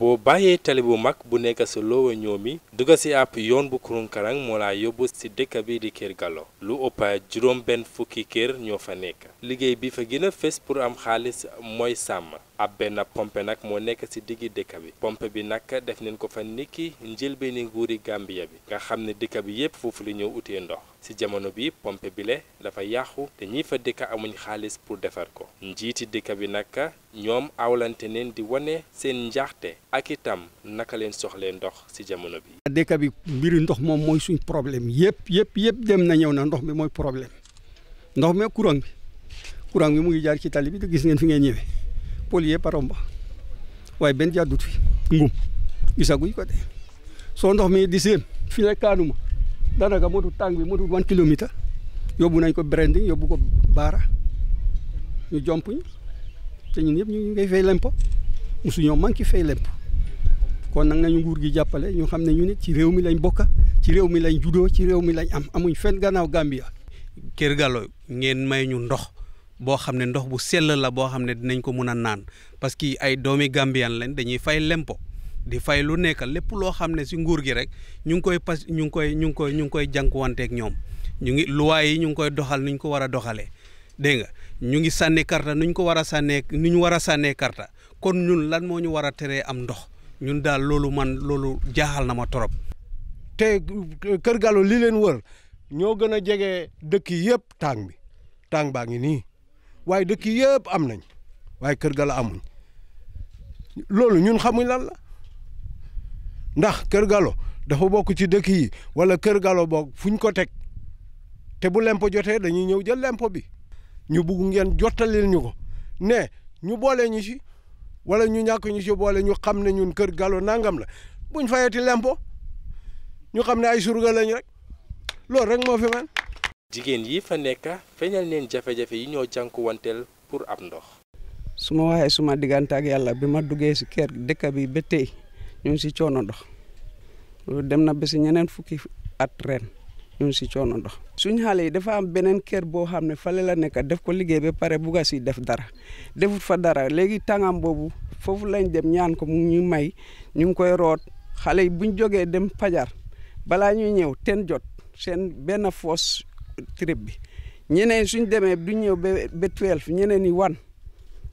boo bàyyee tali bu mag bu nekk si loowa ñoomi dugal si ab yoon bu kurunkarang moo laa yóbbu si dëkk bi di Kër Gallo lu ëpp juróom benn fukki kër ñoo fa nekk liggéey bi fa gën a fës pour am xaalis mooy sàmm ab benn pompe nag moo nekk ci diggi dëkk bi pompe bi nag def nañ ko fa niki njëlbeeni nguuri Gambia bi nga xam ne dëkk bi yépp foofu lu ñëw utee ndox ci jamono bi pompe bile dafa yàqu te ñi fa xaalis pour defar ko njiiti dëkk bi nag ñoom awlante neen di wane seen njaxte ak itam naka leen soxlee ndox ci jamono bi. dëkk bi mbiri ndox moom mooy suñ problème yépp yépp yépp dem na ñëw na ndox mi mooy problème ndox mi courant bi courant bi mu ngi jaar ci tali bi te gis ngeen fi ngay ñëwee. pôle yëpp a romb waaye benn jàddut fi ngum gisaguñ ko de soo ndox mi di seen fi ne kaanuma daanaka motul tàng bi motul wan kilomètre yóbbu nañ ko Brending yóbbu ko Baara ñu jomp ñu te ñun ñëpp ñu ngay fay lempo mosu ñoo manqué fay lempo kon na nañu nguur gi jàppale ñu xam ne ñu nit ci réew mi lañ bokka ci réew mi lañ judoo ci réew mi lañ am amuñ fenn gannaaw Gambia. Kër Gallo ngeen may ñu ndox. boo xam ne ndox bu sell la boo xam ne dinañ ko mun a naan parce que ay doomi Gambian lañ dañuy fay lempo di fay lu nekk lépp loo xam ne si nguur gi rek ñu ngi koy pas ñu ngi koy ñu ngi koy ñu ngi koy jànkuwanteeg ñoom ñu ngi luwaay yi ñu ngi koy doxal ni ko war a doxalee dégg nga ñu ngi sànni karta nu ko war a sànnee war a sànnee karta kon ñun lan moo ñu war a teree am ndox ñun daal loolu man loolu jaaxal na ma torop te Kër Gallo li leen wër ñoo gën a jege dëkk yëpp tàng bi tàng baa ngi nii waaye dëkk yëpp am nañ waaye kër galo la amuñ loolu ñun xamuñ lan la ndax kër galo dafa bokk ci dëkk yi wala kër galo bokk fuñ ko teg te bu lempo jotee dañuy ñëw jël lempo bi ñu bugg ngeen jottalil ñu ko ne ñu boole ñu ci wala ñu ñàkk ñu ci boole ñu xam ne ñun kër galo nangam la buñ fayati lempo ñu xam ne ay surga lañ rek loolu rek moo fi man jigéen yi fa nekka feeñal neen jafe-jafe yi ñoo wanteel pour am ndox. su ma waxee suma diggante ak yàlla bi ma duggee si kër dëkk bi ba tey ñu ngi si coono ndox dem na ba si ñeneen fukki at ren si coono ndox. suñu xale yi dafa am beneen kër boo xam ne fale la nekk def ko liggéey ba pare bugg a si def dara defut fa dara léegi tàngam boobu foofu lañ dem ñaan ko mu ñu may ñu ngi koy root xale yi buñ jógee dem pajar balaa ñuy ñëw ten jot seen benn foos. trip bi ñeneen suñ demee duñ ñëw ba ba twelve ñeneen yi wan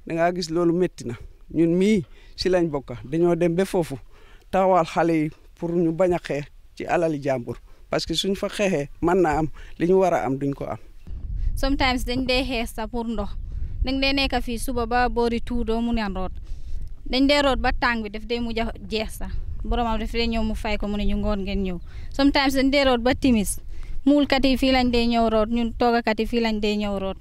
da ngaa gis loolu métti na ñun mii si lañ bokka dañoo dem ba foofu tawal xale yi pour ñu bañ a xeex ci alali jàmbur parce que suñ fa xeexee mën naa am li ñu war a am duñ ko am. sometimes dañ dee xeex sa pour ndox dañ dee nekk fii suba ba boori tuudoo mu neen root dañ dee root ba tàng bi daf dee mujj jeex sax boromam daf dee ñëw mu fay ko mu ne ñu ngoon ngeen ñëw sometimes dañ dee root ba timis. muulkat yi fii lañ dee ñëw root ñun toogakat yi fii lañ dee ñëw root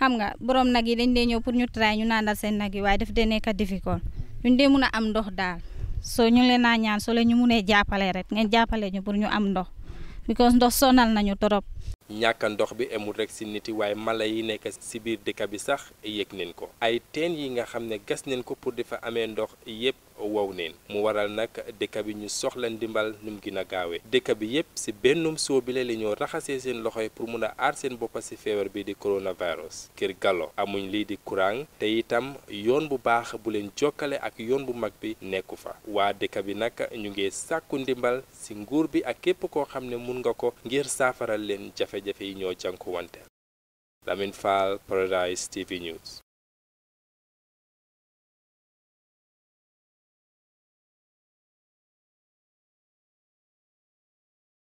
xam nga boroom nag yi dañ dee ñëw pour ñu tray ñu naandal seen nag yi waaye daf dee nekk difficile duñ dee mun a am ndox daal soo ñu leen naa ñaan soo leen ñu munee jàppale rek ngeen jàppale ñu pour ñu am ndox because ndox soonal nañu torop ñàkk ndox bi emul rek si nit yi waaye mala yi nekk si biir dëkk bi sax yëg neen ko ay teen yi nga xam ne gas neen ko pour di amee ndox yépp wow neen mu waral nag dëkk bi ñu soxla ndimbal num mu gën a gaawee dëkk bi yépp si bennum soo bile la ñoo raxasee seen loxo yi pour mun a aar seen bopp si feebar bi di coronavirus kër galo amuñ lii di courant te itam yoon bu baax bu leen jokkale ak yoon bu mag bi nekku fa waa dëkk bi nag ñu ngi sàkku ndimbal si nguur bi ak képp koo xam ne mun nga ko ngir saafaral leen jafe jafe-jafe yi ñoo jànkuwante Lamine Fall Paradise TV News